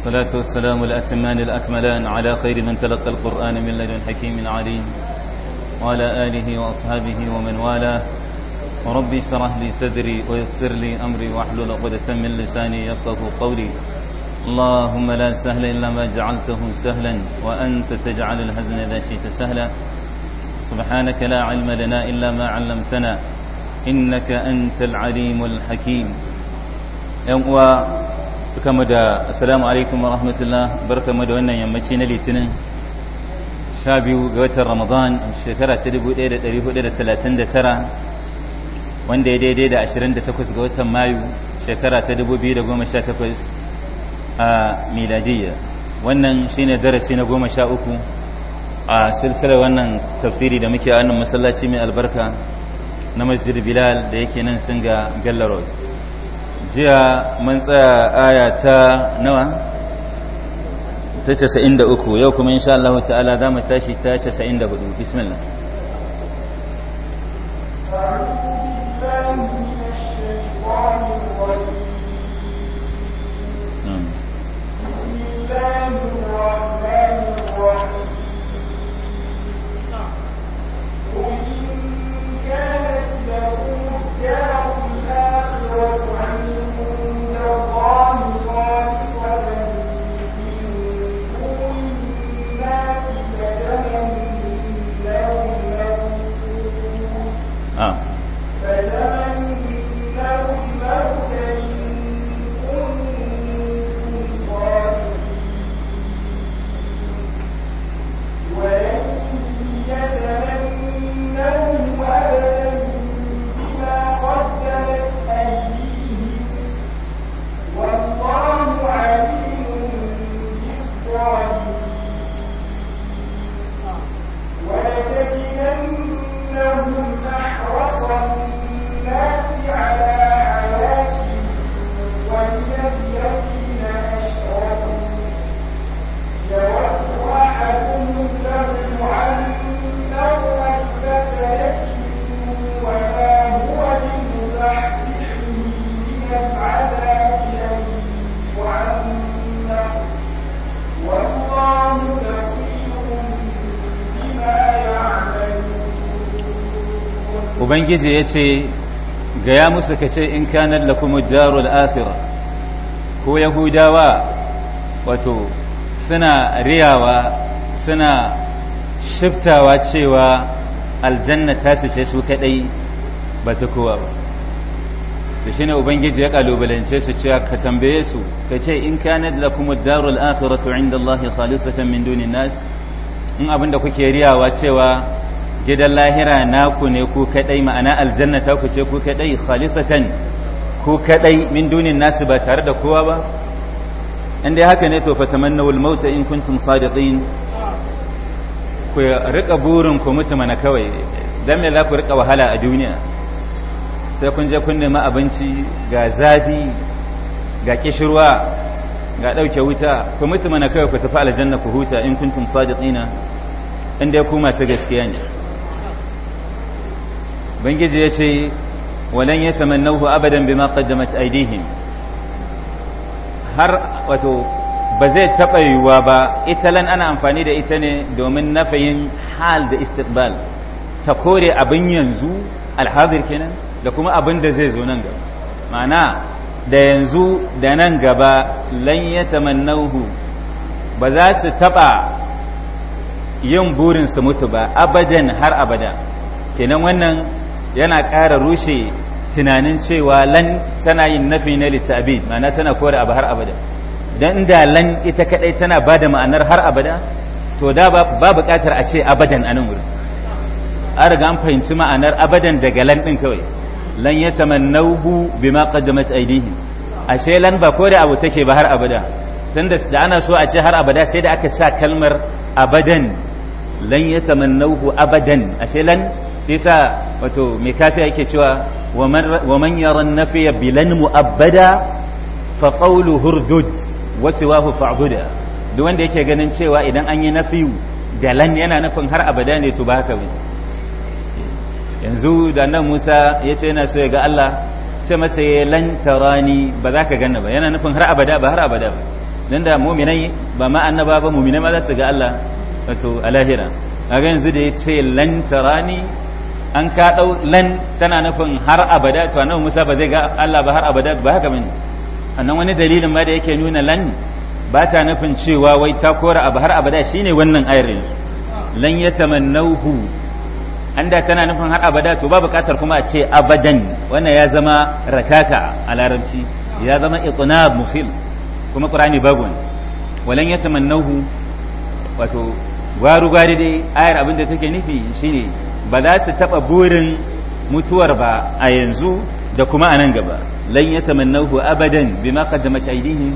الصلاة والسلام الأتمان الأكملان على خير من تلقى القرآن من لدن حكيم عليم وعلى آله وأصحابه ومن والاه ربي اشرح لي صدري ويسر لي أمري واحلل عقدة من لساني يفقه قولي اللهم لا سهل إلا ما جعلته سهلا وأنت تجعل الهزن إذا شئت سهلا سبحانك لا علم لنا إلا ما علمتنا إنك أنت العليم الحكيم يوم kama da assalamu alaikum wa rahmatullah barkamu da wannan yammaci na litinin sha biyu ga watan ramadan shekara ta dubu da da da hudu talatin tara wanda ya daidai da ashirin da takwas ga watan mayu shekara ta dubu biyu da goma sha takwas a miladiyya wannan shine darasi na goma sha uku a silsilar wannan tafsiri da muke a wannan masallaci mai albarka na masjid bilal da yake nan sun ga gallarod jiya man tsaya aya ta nawa ta 93 yau kuma insha Allah ta'ala za mu tashi ta 94 bismillah ubangiji ya ce gaya musu ka ce in kanar da kuma darul afira ko yahudawa wato suna riyawa suna shiftawa cewa aljanna ta su ce su kadai ba ta kowa ba da shi ne ubangiji ya kalubalance su cewa ka tambaye su ka ce in kanar da kuma darul afira to inda Allah ya khalisatan min duni nas in abinda kuke riyawa cewa gidan lahira naku ne ku kadai ma'ana aljanna ta ku ce ku kadai khalisatan ku kadai min dunin nasu ba tare da kowa ba in dai haka ne to fatamannawul mauta in kuntum sadiqin ku rika burin ku mutu mana kawai dan me za ku rika wahala a duniya sai kun je kun nemi abinci ga zafi ga kishirwa ga dauke wuta ku mutu mana kawai ku tafi aljanna ku huta in kuntum sadiqina in dai ku masu gaskiya ne bangiji ya ce walan ya tamannahu abadan bima qaddamat aidihim har wato ba zai taɓa yiwuwa ba italan ana amfani da ita ne domin nafayin hal da istiqbal ta kore abin yanzu alhadir kenan da kuma abin da zai zo nan gaba ma'ana da yanzu da nan gaba lan ya tamannahu ba za su taɓa yin burin su mutu ba abadan har abada kenan wannan yana ƙara rushe tunanin cewa lan tana yin nafi na litabid ma'ana tana kore abu har abada don da lan ita kadai tana ba da ma'anar har abada to da ba buƙatar a ce abadan a nan wurin an riga an fahimci ma'anar abadan daga lan din kawai lan ya tamannahu bima qaddamat aydihim ashe lan ba kore abu take ba har abada tunda da ana so a ce har abada sai da aka sa kalmar abadan lan ya tamannahu abadan ashe lan sai sa wato mai kafi yake cewa wa man yara nafiya bilan mu'abbada fa qawlu hurdud wa siwahu fa'buda duk wanda yake ganin cewa idan an yi nafiyu da lan yana nufin har abada ne to ba haka yanzu da nan Musa ya ce yana so ya ga Allah ce masa ya lan tarani ba za ka ganna ba yana nufin har abada ba har abada ba dan da mu'minai ba ma annaba ba mu'minai ma za su ga Allah wato alahira ga yanzu da ya ce lan tarani an ka dau lan tana nufin har abada to annabi Musa ba zai ga Allah ba har abada ba haka bane annan wani dalilin ma da yake nuna lan ba ta nufin cewa wai ta kora abu har abada shine wannan ayar yanzu lan yatamannawhu an da tana nufin har abada to ba bukatar kuma a ce abadan wannan ya zama rakaka a larabci ya zama iqnab mufil kuma qur'ani babu wani walan yatamannahu wato gwaru gwari dai ayar abin da take nufi shine ba za su taɓa burin mutuwar ba a yanzu da kuma a nan gaba lan ya tamannahu abadan bima qaddamat aydihim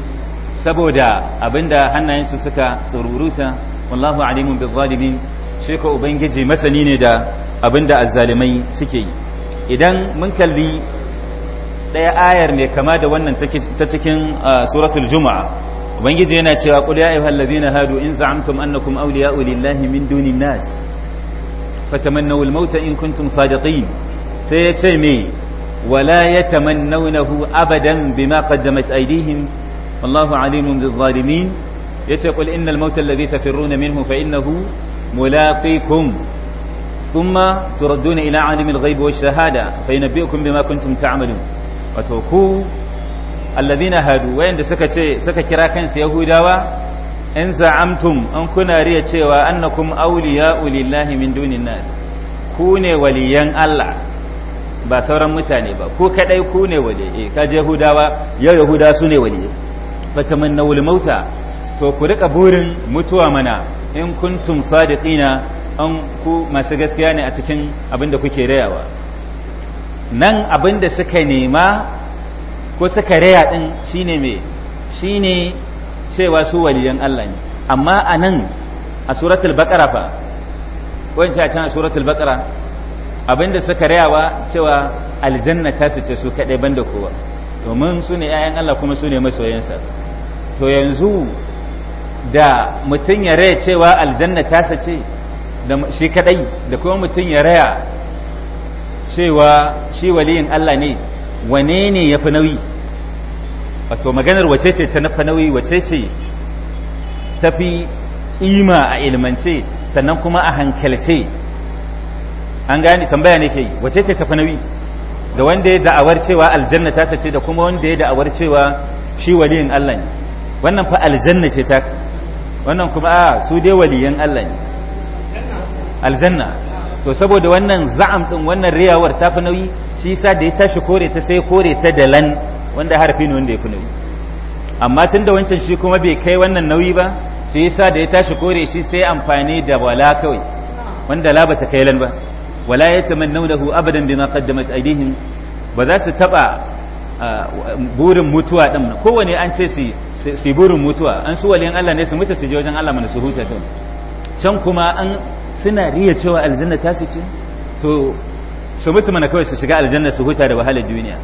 saboda abinda hannayensu suka tsururuta wallahu alimun bil zalimin shi ubangiji masani ne da abinda azzalimai suke yi idan mun kalli ɗaya ayar mai kama da wannan ta cikin ah, suratul juma'a ubangiji yana cewa qul ya ayyuhallazina hadu in za'amtum annakum awliya'u lillahi min dunin nas fatamannaw al-mauta in kuntum sadiqin sai yace ce me wala yatamannawnahu abadan bima qaddamat aydihim wallahu alimun bil-zalimin yace qul innal tafirruna minhu fa innahu mulaqikum ثم تردون إلى عالم الغيب والشهادة فينبئكم بما كنتم تعملون وتوكو الذين هادوا وين سكا سكا كراكن يهوداوا in za'amtum an kuna riya cewa annakum awliya'u ulillahi min dunin nas ku ne waliyan Allah ba sauran mutane ba ku kadai ku ne ka je yahudawa ya yahuda su ne waliyai fatamannawul mauta to ku rika burin mutuwa mana in kuntum sadiqina an ku masu gaskiya ne a cikin abinda kuke rayawa nan abin da suka nema ko suka raya din shine me shine cewa su waliyan Allah ne amma a nan a suratul baqara fa ko in ce a can a suratul baqara abinda suka rayawa cewa aljanna ta su ce su kadai banda kowa domin su ne 'ya'yan Allah kuma su ne masoyansa to yanzu da mutum ya raya cewa aljanna ta su ce da shi kadai da kuma mutum ya raya cewa shi waliyin Allah ne wane ne ya fi nauyi wato maganar wace ce ta nufa nauyi wace ce fi kima a ilmance sannan kuma a hankalce an gane tambaya ne ke wace ce fi nauyi da wanda ya da'awar cewa aljanna ta sace da kuma wanda ya da'awar cewa shi waliyin Allah ne wannan fa aljanna ce ta wannan kuma a su dai waliyan Allah ne aljanna to saboda wannan za'am din wannan riyawar ta fi nauyi shi yasa da ya tashi kore ta sai kore ta dalan wanda harfi ne wanda ya fi nauyi amma tun da wancan shi kuma bai kai wannan nauyi ba sai yasa da ya tashi kore shi sai amfani da wala kawai wanda la bata kai lan ba wala ta hu abadan bima qaddamat aydihim ba za su taba ah, burin mutuwa din wani an ce su su burin mutuwa an su waliyan Allah ne su mutu su je wajen Allah mana su huta din can kuma an suna riya cewa aljanna ta su ce to su mutu mana kawai su shiga aljanna su huta da wahalar duniya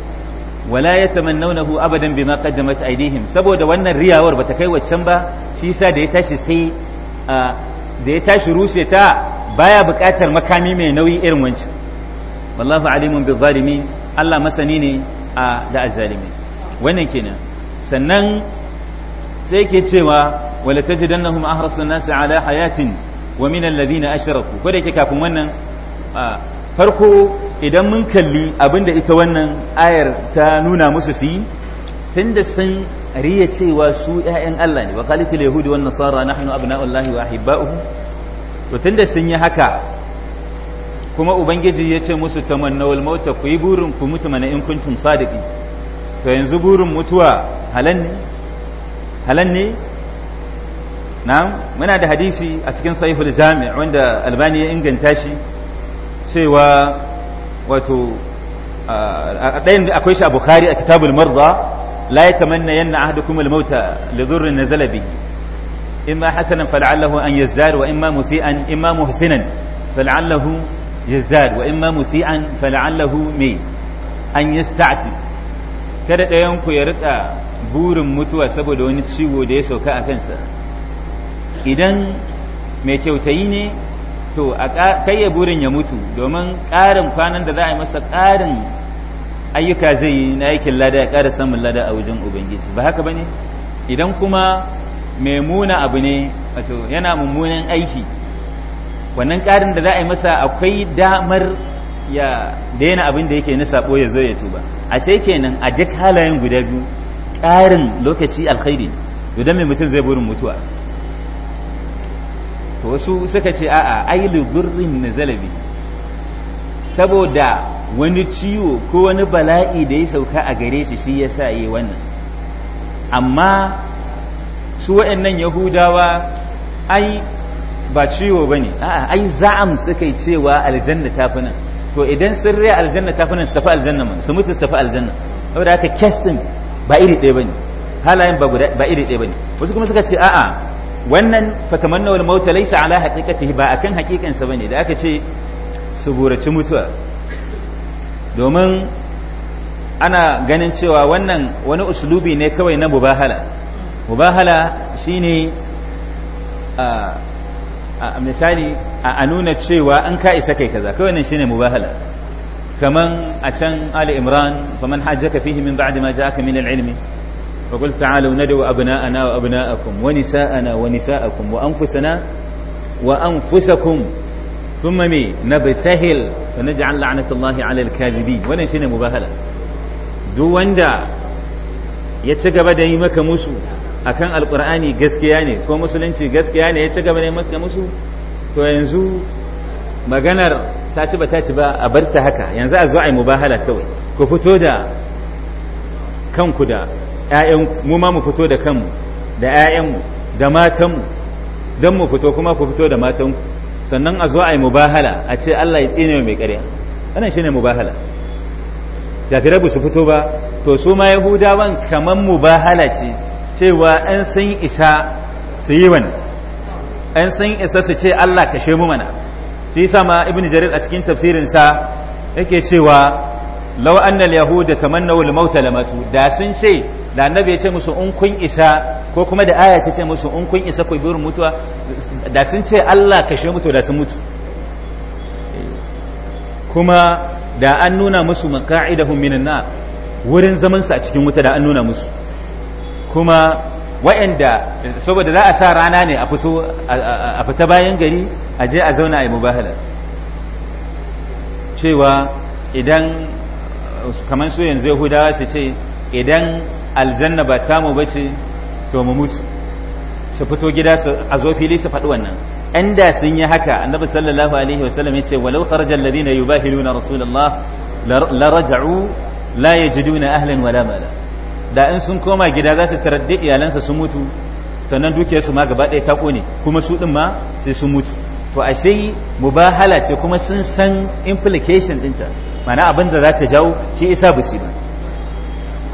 wala ya tamannahu abadan bima qaddamat saboda wannan riyawar bata kai waccan ba shi yasa da ya tashi sai da ya tashi rushe ta baya bukatar makami mai nauyi irin wancan wallahu alimun bil zalimi Allah masani ne a da azzalimi wannan kenan sannan sai yake cewa wala tajidannahum ahrasun nas ala hayatin wa min alladhina ashraku ko da yake kafin wannan farko idan mun kalli abinda ita wannan ayar ta nuna musu su yi da sun riya cewa su yayan Allah ne wa qalatil yahudu wan nasara nahnu abna'ullahi wa ahibba'uhu to tun da sun yi haka kuma ubangiji ya ce musu tamannawul mauta ku yi burin ku mutu mana in kuntum sadiqi to yanzu burin mutuwa halan ne halan ne na? muna da hadisi a cikin sahihul jami'a wanda albani ya inganta shi cewa wato ɗayan da akwai shi a bukhari a kitabul marda la ya tamanna yanna ahadukum al-mauta li dhurrin nazala bihi fal'allahu an فلعله wa imma musian imma muhsinan fal'allahu فلعله wa imma musian fal'allahu مي an yasta'ti kada ɗayan ku ya rika burin mutuwa saboda wani ciwo da ya sauka a kansa idan mai kyautayi ne to kai ya burin ya mutu domin ƙarin kwanan da za a yi masa ƙarin ayyuka zai yi na aikin lada ya ƙara samun lada a wajen ubangiji ba haka ba ne idan kuma mai muna abu ne wato yana mummunan aiki wannan ƙarin da za a yi masa akwai damar ya daina abin da yake na sabo ya zo ya tuba ashe kenan a duk halayen guda biyu ƙarin lokaci alkhairi dodon mai mutum zai burin mutuwa to wasu suka ce a'a ai lugurrin nazalabi saboda wani ciwo ko wani bala'i da ya sauka a gare shi shi yasa yi wannan amma su waɗannan yahudawa ai ba ciwo bane a'a ai za'am suka yi cewa aljanna ta fi nan to idan sun rai aljanna ta fi nan su tafi aljanna mun su mutu su tafi aljanna saboda haka kes ba iri ɗaya bane halayen ba iri ɗaya bane wasu kuma suka ce a'a wannan fatamanna wal mauta laysa ala haqiqatihi ba kan hakikan ba ne da aka ce su mutuwa domin ana ganin cewa wannan wani uslubi ne kawai na mubahala mubahala shine a misali a nuna cewa an ka isa kai kaza kawai nan ne mubahala kaman a can ali imran faman hajjaka fihi min ba'di ma ja'aka min al-ilmi فقل تعالوا ندعو أبناءنا وأبناءكم ونساءنا ونساءكم وأنفسنا وأنفسكم ثم مي نبتهل فنجعل لعنة الله على الكاذبين wannan shine mubahala duk wanda ya ci gaba da yi maka musu akan alqur'ani gaskiya ne ko musulunci gaskiya ne ya ci gaba da yi maka musu to yanzu maganar ta ci ba ta ci ba a haka yanzu a zo a yi mubahala kawai ku fito da kanku da Ƴaƴan mu ma mu fito da kanmu da 'ya'yanmu da matanmu don mu fito kuma ku fito da matanku sannan a zo a yi mubahala a ce Allah ya tsine mai ƙarya wannan shine mubahala kafirai ba su fito ba to su ma yahudawan kamar mubahala ce cewa an san isa su yi wani an san isa su ce Allah kashe mu mana shi yasa ma ibn jarir a cikin tafsirin sa yake cewa law anna al-yahuda tamannaw al-maut lamatu da sun ce da annabi ya ce musu in kun isa ko kuma da aya ce ce musu in kun isa ku burin mutuwa da sun ce Allah kashe mutu da sun mutu kuma da an nuna musu maqa'idahum minan na wurin zaman su a cikin wuta da an nuna musu kuma wa'anda saboda za a sa rana ne a fito a fita bayan gari a je a zauna a yi mubahala cewa idan kamar su yanzu yahudawa su ce idan aljanna ba tamu ba ce to mu mutu su fito gida a zo fili su faɗi wannan an da sun yi haka annabi sallallahu alaihi wasallam ya ce walau kharaja alladhina yubahiluna rasulullah la raja'u la yajiduna ahlan wala mala da in sun koma gida za su taraddi iyalansa su mutu sannan dukiyarsu ma gaba ɗaya ta kone kuma su din ma sai su mutu to ashe mubahala ce kuma sun san implication ɗinta mana abin da za ta jawo shi isa basi ba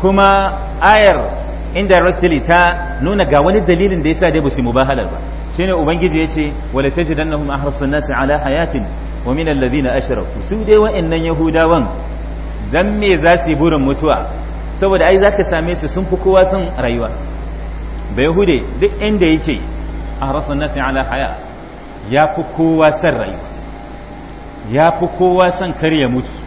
kuma ayar indirectly ta nuna ga wani dalilin da yasa dai ba su mubahalar ba shine ubangiji yace wala tajidannahum ahrasan nas ala hayatin wa min alladhina ashraku su dai wa'annan yahudawan dan me za su burin mutuwa saboda ai zaka same su sun fi kowa son rayuwa ba yahude duk inda yake ahrasan nas ala haya ya fi kowa son rayuwa ya fi kowa son kar ya mutu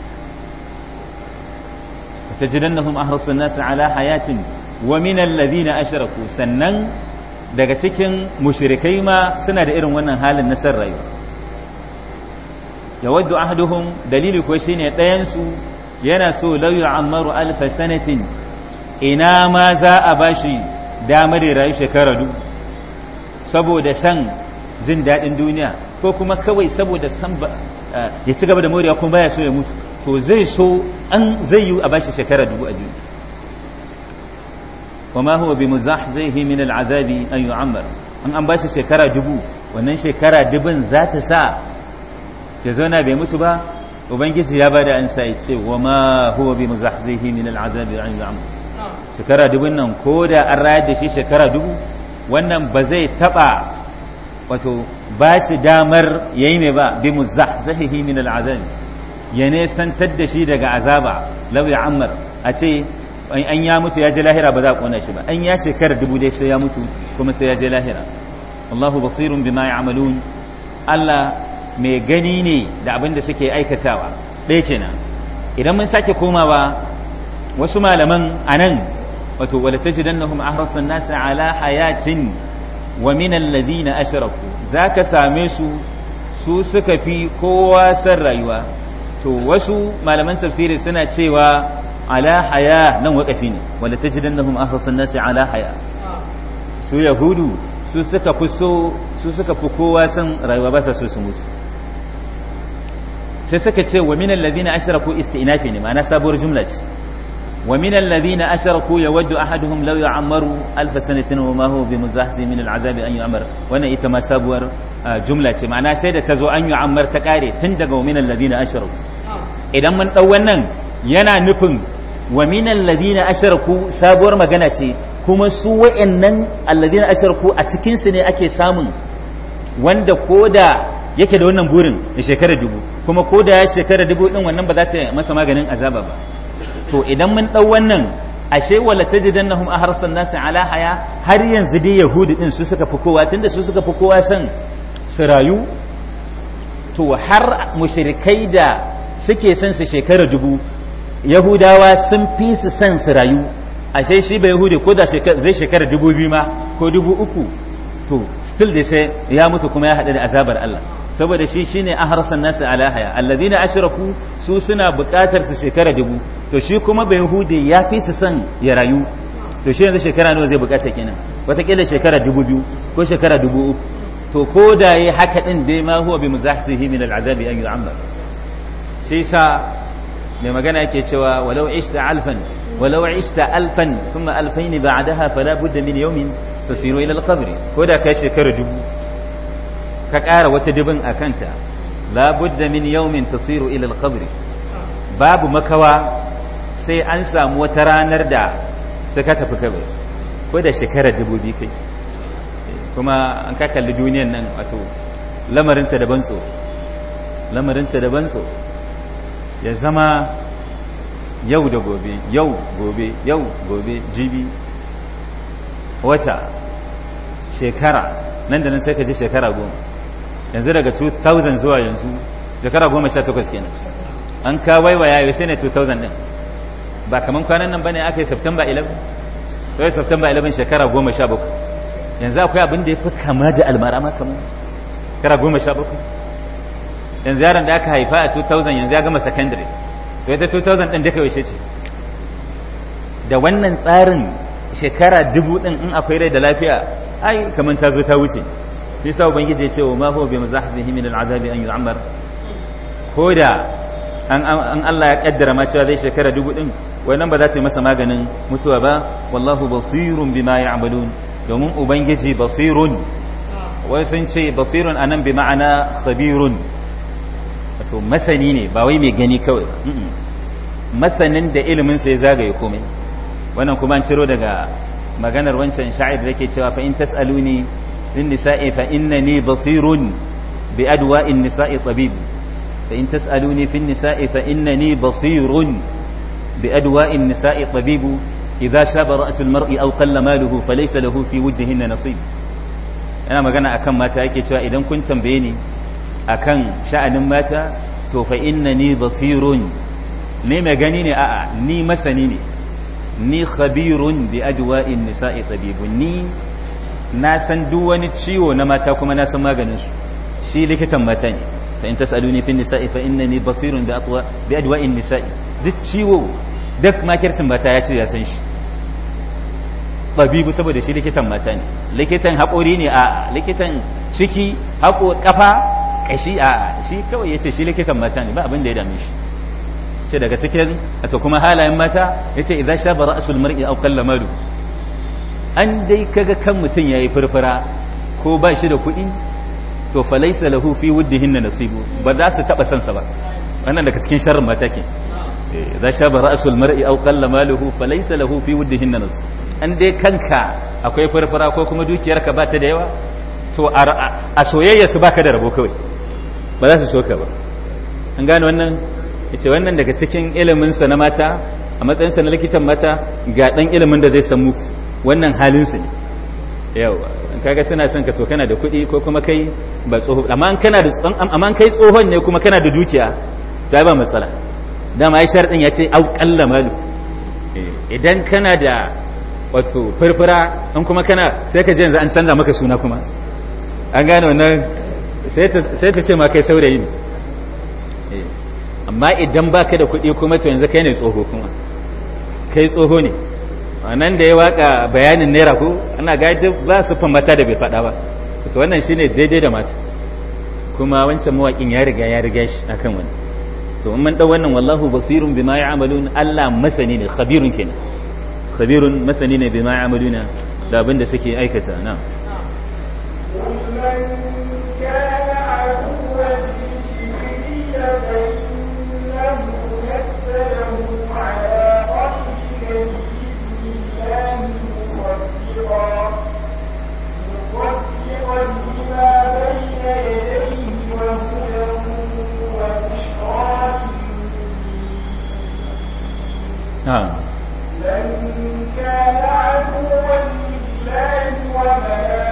tajidannahum ahrasun nas ala hayatin wa min alladhina ashraku sannan daga cikin mushrikai ma suna da irin wannan halin na san rayuwa yawaddu ahaduhum dalili ko shine ɗayan su yana so law yu'ammaru alf sanatin ina ma za a bashi damar rayu shekara du saboda san jin daɗin duniya ko kuma kawai saboda san ya ci gaba da moriya kuma baya so ya mutu to zai so an zai yi a bashi shekara dubu a duniya wa ma huwa bi muzahzihi min azabi an yu'ammar an an bashi shekara dubu wannan shekara dubun za ta sa ya zauna bai mutu ba ubangiji ya bada an sa ce wa ma huwa bi muzahzihi min azabi an yu'ammar shekara dubun nan ko da an rayar da shi shekara dubu wannan ba zai taba wato ba shi damar yayi ne ba bi muzahzihi min azabi. ya nesantar da shi daga azaba lauya ammar a ce an ya mutu ya je lahira ba za a kona shi ba an ya shekara dubu dai sai ya mutu kuma sai ya je lahira Allahu basirun bima ya'malun Allah mai gani ne da abin da suke aikatawa ɗaya kenan idan mun sake komawa wasu malaman a nan, wato wala tajidannahum ahrasan nasa ala hayatin wa min alladhina ashraku zaka same su su suka fi kowa san rayuwa to wasu malaman tafsiri suna cewa ala haya nan waƙafi ne wanda ta ji dandahun asasin nasi ala haya su yahudu su suka fi so su suka fi kowa san rayuwa ba sa so su mutu sai suka ce wa min alladhina ashraku istinafi ne ma'ana sabuwar jumla ce ومن الذين أشركوا يود أحدهم لو يعمر ألف سنة وما هو بمزحزح من العذاب أن يعمر وانا إتما سابور جملة معنا سيدة تزو أن يعمر تكاري تندقوا من الذين أشركوا إذا من أولا ينا نفن ومن الذين أشركوا سابور مغنى كما su أن الذين أشركوا أتكين سنة أكي سامن samun wanda koda yake da wannan burin ya shekara dubu kuma koda ya shekara dubu din wannan ba za ta masa maganin azaba ba to idan mun ɗau wannan ashe wala tajidannahum aharsan nasi ala haya har yanzu dai yahudi din su suka fi kowa tunda su suka fi kowa san su rayu to har mushrikai da suke san su shekara dubu yahudawa sun fi su san su rayu ashe shi ba yahudi ko da zai shekara dubu biyu ma ko dubu uku to still dai sai ya mutu kuma ya haɗu da azabar Allah saboda shi shine aharsan nasi ala haya alladhina ashraku su suna buƙatar su shekara dubu to shi kuma bai hude ya fi su son ya rayu to shi yanzu shekara nawa zai bukata kenan watakila shekara dubu biyu ko shekara dubu uku to ko da ya haka ɗin dai ma huwa bi muzahsihi min al'azabi an yu'ammar shi sa mai magana yake cewa walau ishta alfan walau ishta alfan kuma alfain ba'daha fala budda min yawmin tasiru ila al-qabr ko da kai shekara dubu ka ƙara wata dubin kanta la budda min yawmin tasiru ila al-qabr babu makawa sai an samu wata ranar da suka tafi kawai ko da shekarar dubu biyu kai kuma an ka kalli duniyan nan wato lamarinta da ban lamarinta da ban ya zama yau da gobe yau gobe yau gobe jibi wata shekara nan da nan sai ka ji shekara goma yanzu daga 2000 zuwa yanzu shekara goma sha takwas kenan an kawai wa yau sai ne 2000 din ba kaman kwanan nan bane aka yi september 11 to yi september 11 shekara 17 yanzu akwai abin da ya fi kama da almara ma kaman shekara 17 yanzu yaron da aka haifa a 2000 yanzu ya gama secondary to ita 2000 din duka yaushe ce da wannan tsarin shekara dubu din in akwai rai da lafiya ai kaman ta zo ta wuce shi sa ubangiji ya ce wa ma bi muzahzihi min al'azabi an yu'ammar ko da an Allah ya kaddara ma cewa zai shekara dubu din wannan ba za ta yi masa maganin mutuwa ba wallahu basirun bima ya'malun domin ubangiji basirun wai sun ce basirun anan bi ma'ana khabirun wato masani ne ba wai mai gani kawai masanin da ilimin sai zagaye komai wannan kuma an ciro daga maganar wancan sha'ir da ke cewa fa in tas'aluni lin nisa'i fa innani basirun bi adwa'in nisa'i tabib fa in tas'aluni fin nisa'i fa innani basirun بأدواء النساء طبيب إذا شاب رأس المرء أو قل ماله فليس له في وجههن نصيب أنا ما قلنا أكم ماتا أكي شاء إذا كنت بيني أكم شأن ماتا تو فإنني بصير ني ما قنيني أأ ني مسنيني ni khabirun bi adwa'in nisa'i tabibun ni na san duk wani ciwo na mata kuma na san maganin shi likitan mata ne fa in tasaluni fi fa basirun bi duk ciwo duk makircin mata ya ce ya san shi ɗabibu saboda shi likitan mata ne likitan haƙori ne a likitan ciki haƙo ƙafa ƙashi a shi kawai ya ce shi likitan mata ne ba abin da ya dame shi ce daga cikin a kuma halayen mata ya ce idan shaba ra'asul mar'i aw kallamalu an dai kaga kan mutum yayi furfura ko ba shi da kuɗi to falaisa lahu fi wuddihin nasibu ba za su taɓa sansa ba wannan daga cikin sharrin mata ke sha ba ra'sul mar'i aw qalla maluhu laysa lahu fi wuddihin nas an dai kanka akwai farfara ko kuma dukiyarka ba ta da yawa to a soyayya su baka da rabo kawai ba za su so ka ba an gane wannan yace wannan daga cikin ilimin sa na mata a matsayin sa na likitan mata ga dan ilimin da zai san muku wannan halin sa ne yawa kaga suna son ka to kana da kuɗi ko kuma kai ba tsoho amma kana da amma kai tsohon ne kuma kana da dukiya ta ba matsala dama ya sharɗin ya ce au malu eh, idan kana da wato furfura in kuma kana sai ka yanzu an canza maka suna kuma an gane wannan sai ta ce ma kai saurayi ne eh, amma idan baka da kuɗi kuma to yanzu kai ne tsoho kuma kai tsoho ne nan da ya waka bayanin naira ko ana gaji ba su mata da bai faɗa ba to wannan shine daidai da mata kuma wancan mawaƙin ya riga ya riga shi akan wani to man dau wannan wallahu basirun bima ya'malun Allah masani ne khabirun kenan khabirun masani ne bima ya'maluna da abin da suke aikata na'am نعم من كان عدوا لله وملائكته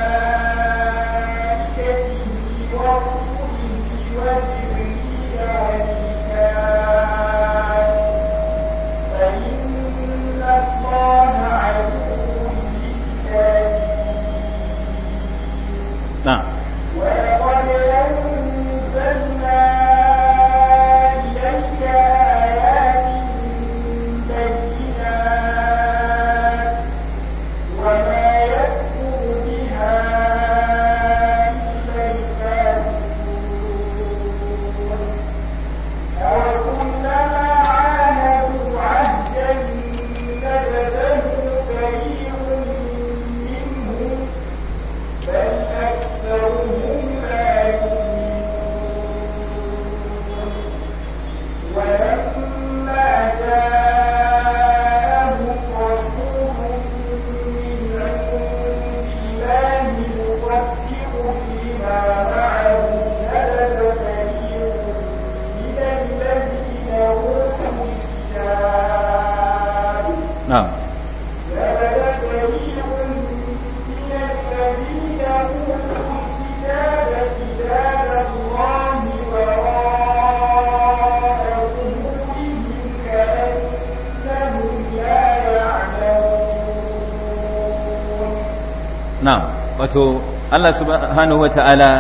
wato Allah subhanahu wa ta'ala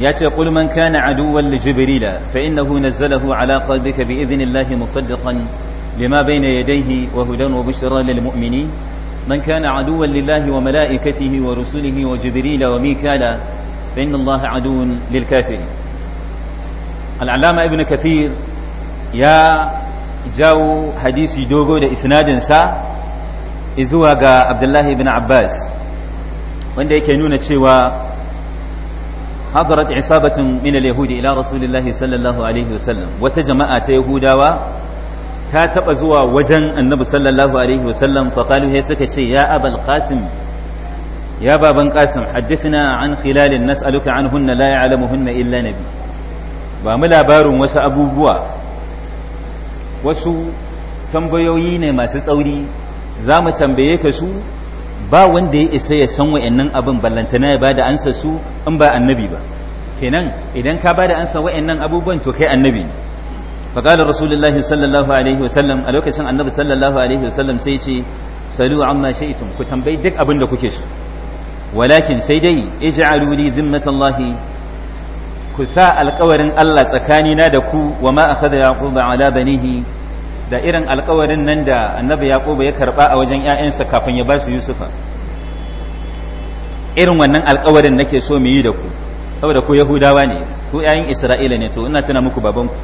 ya ce qul man kana aduwwan li jibrila fa innahu nazzalahu ala qalbika bi idhnillahi musaddiqan lima bayna yadayhi wa hudan wa bushra lil mu'minin من كان عدوا لله وملائكته ورسله وجبريل وميكالا فإن الله عدو للكافرين العلامة ابن كثير يا جاو حديث دوغو دا إسناد سا إزوا عبد الله بن عباس wanda yake nuna cewa hadarat isabatin min al-yahudi ila rasulillahi sallallahu alaihi wasallam wata jama'a ta yahudawa ta taba zuwa wajen annabi sallallahu alaihi wasallam fa qalu hay suka ce ya abal qasim ya baban qasim haddathna an khilal nas'aluka anhunna la ya'lamuhunna illa nabi ba mu labarin wasu abubuwa wasu tambayoyi ne masu tsauri za mu tambaye ka su ba wanda ya isa ya san wa'annan abin ballantana ya ba da ansa su in ba annabi ba kenan idan ka ba da ansa wa'annan abubuwan to kai annabi ne فقال رسول الله صلى الله عليه وسلم a lokacin annabi sallallahu alaihi wasallam sai ce salu amma shaytum ku tambayi duk abin da kuke so walakin sai dai ij'alu li zimmatallahi ku sa alƙawarin Allah tsakanina da ku wa ma akhadha yaquba ala banihi da irin alkawarin nan da annabi yaquba ya karba a wajen ƴaƴansa kafin ya ba su yusufa irin wannan alkawarin nake so mu yi da ku saboda ku yahudawa ne ku ƴaƴan isra'ila ne to ina tuna muku babanku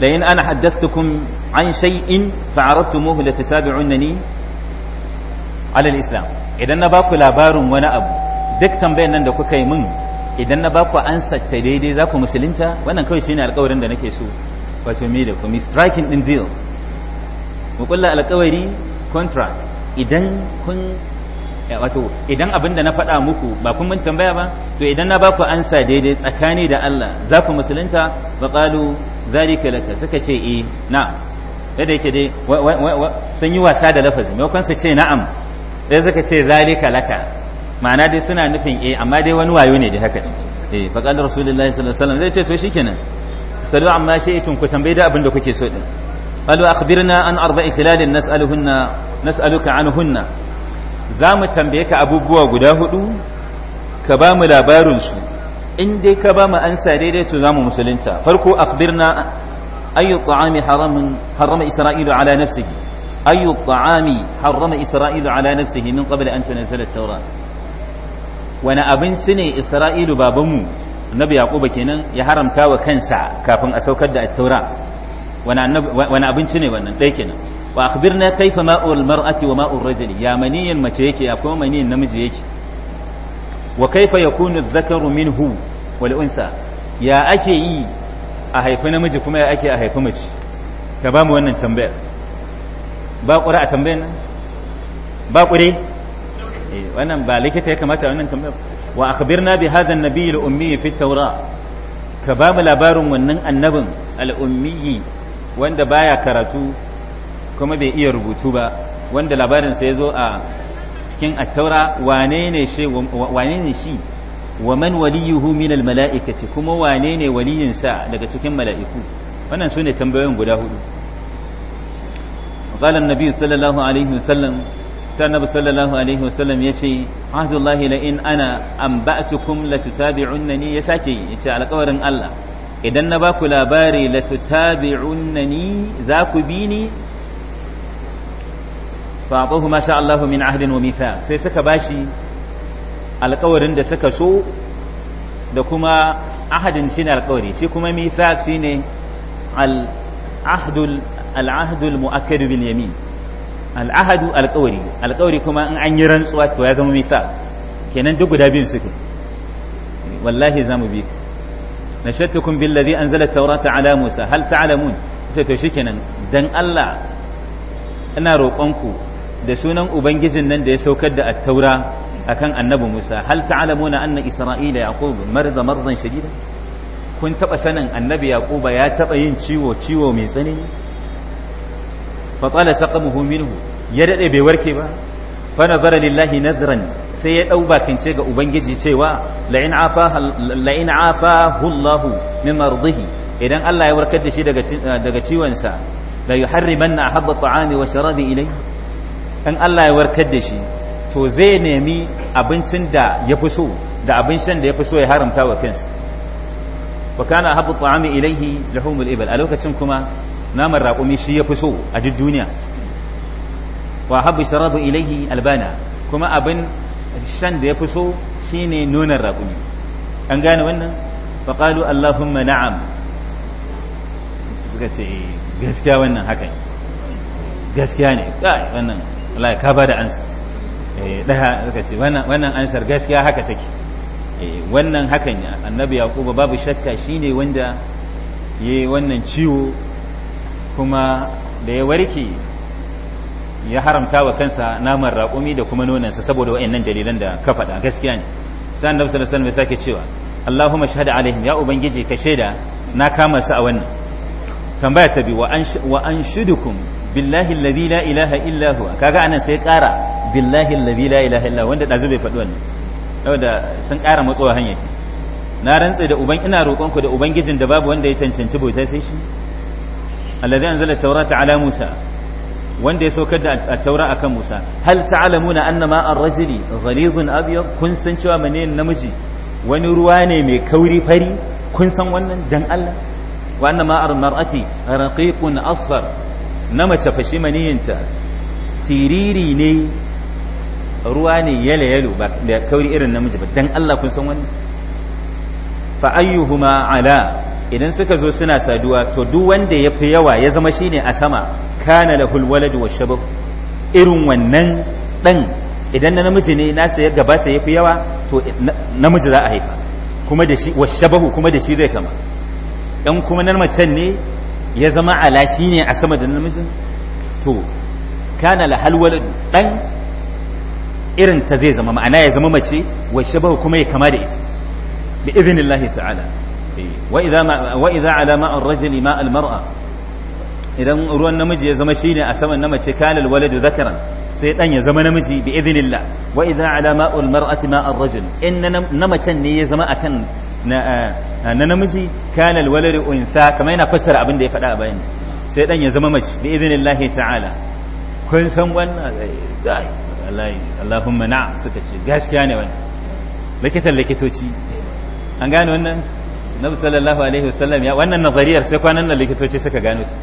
la in ana haddathtukum an shay'in fa'aradtumuhu la tatabi'unani ala al-islam idan na baku labarin wani abu duk tambayar nan da kuka yi min idan na baku ansa ta daidai za ku musulunta wannan kawai ne alkawarin da nake so wato me da kuma striking din deal mu kulla alƙawari contract idan kun eh, wato idan abin da na faɗa muku ba kun mun tambaya ba to idan na baku ansa daidai tsakani da Allah za ku musulunta ba qalu zalika laka suka ce eh na yadda yake dai sun yi wasa da lafazi maimakon su ce na'am sai suka ce zalika laka ma'ana dai suna nufin eh amma dai wani wayo ne da haka eh faqala rasulullahi sallallahu alaihi wasallam zai ce to shikenan salu amma shay'tum ku tambaye da abin kuke so din qalu akhbirna an arba'i khilalin nas'aluhunna nas'aluka anhunna za mu tambaye ka abubuwa guda hudu ka ba mu labarin su in dai ka ba mu ansa daidai to zamu musulunta farko akhbirna ayu ta'ami harama isra'ilu ala nafsihi ayu ta'ami an taura wani abinci ne isra'ilu babanmu annabi yaquba kenan ya haramta wa kansa kafin a saukar da at-taura wani abinci ne wannan ɗaya kenan wa akhbirna kaifa ma'ul mar'ati wa ma'ul rajuli ya maniyin mace yake ya kuma maniyin namiji yake wa kaifa yakunu adh-dhakaru minhu wal unsa ya ake yi a haifi namiji kuma ya ake a haifi mace ka ba mu wannan tambayar ba ƙura a tambayar nan ba ƙure eh, wannan ba likita ya kamata wannan tambayar wa akhbirna bi hadha an-nabiy al-ummi fi tawra ka bamu labarin wannan annabin al-ummi wanda baya karatu kuma bai iya rubutu ba wanda labarinsa sa yazo a cikin at-taura wane shi wane ne shi wa man waliyuhu min al-mala'ikati kuma wane ne sa daga cikin mala'iku wannan sune tambayoyin guda hudu qala an-nabi sallallahu alaihi wasallam sannabi sallallahu alaihi wasallam ya ce ahdullahi la in ana amba'tukum latutabi'unnani ya sake yi ce alƙawarin Allah idan na baku labari latutabi'unnani za ku bi ni fa abahu ma sha Allahu min ahdin wa mithaq sai suka bashi alƙawarin da suka so da kuma ahadin shine alƙawari shi kuma mithaq shine al ahdul al ahdul mu'akkad bil yamin al'ahadu alƙawari alƙawari kuma in an yi rantsuwa to ya zama misa kenan duk guda biyun suke wallahi zamu bi nashattukum billazi anzala tawrata ala musa hal ta'lamun sai to shikenan dan Allah ina roƙonku da sunan ubangijin nan da ya saukar da at-taura akan annabi musa hal ta'lamuna anna isra'ila yaqub marza marzan shadida kun taba sanin annabi yaquba ya taba yin ciwo ciwo mai tsanani fa tsala minhu ya daɗe bai warke ba fa nazara lillahi nazran sai ya dau bakance ga ubangiji cewa la in afa la in min mardihi idan Allah ya warkar da shi daga daga ciwon sa la yuharrimanna ahabba ta'ami wa sharabi ilai. in Allah ya warkar da shi to zai nemi abincin da ya fi so da abin shan da ya fi so ya haramta wa kansa wa kana habu ta'ami ilaihi lahumul ibal a lokacin kuma naman raƙumi shi ya fi so a duk duniya wa habbu sharabu ilaihi albana kuma abin shan da ya fi so shine nonon raƙumi an gane wannan fa qalu allahumma na'am suka ce eh, gaskiya wannan haka gaskiya ne kai wannan Allah ka bada ansa eh daya suka ce wannan wannan ansar gaskiya haka take eh, wannan hakan annabi yaquba babu shakka shine wanda yayi wannan ciwo kuma da ya warke ya haramta wa kansa naman raƙumi da kuma nonansa saboda wa'annan dalilan da ka faɗa gaskiya ne sai annabi sallallahu alaihi wasallam ya sake cewa Allahumma shahad alaihim ya ubangiji ka shaida na kama su a wannan tambaya ta bi wa an shudukum billahi alladhi la ilaha illa huwa kaga anan sai ƙara billahi alladhi la ilaha illa wanda dazu bai faɗi wannan saboda sun ƙara matsowa hanya na rantsa da uban ina roƙonku da ubangijin da babu wanda ya cancanci bauta sai shi alladhi anzala tawrata ala musa wanda ya saukar da taura kan musa hal ta'lamuna anna ma ar-rajuli ghalizun abyad kun san cewa mane namiji wani ruwa asfar na mace fashi maniyinta siriri ne ruwa ne idan suka zo suna saduwa to duk wanda ya fi yawa ya zama shine a sama kana lahul walad wa shabab irin wannan dan idan na namiji ne nasa ya gabata ya fi yawa to namiji za a haifa kuma da shi wa shabahu kuma da shi zai kama dan kuma na macen ne ya zama ala shine a sama da namijin to kana lahal walad dan irin ta zai zama ma'ana ya zama mace wa shabahu kuma ya kama da ita bi idnillahi ta'ala وإذا, ما وإذا على ماء الرجل ماء المرأة idan ruwan namiji ya zama shine a saman na mace kalal waladu zakaran sai dan ya zama namiji bi idhnillah wa idha ala ma'ul na ne eh, namiji kalal waladu unsa kamar yana fassara abin da ya faɗa a bayani sai dan ya zama mace bi idhnillah ta'ala kun san wannan zai eh, wallahi allahumma na suka ce gaskiya ne wannan likitan likitoci an gane wannan nabi sallallahu alaihi wasallam ya wannan nazariyar sai kwanan nan likitoci suka gano su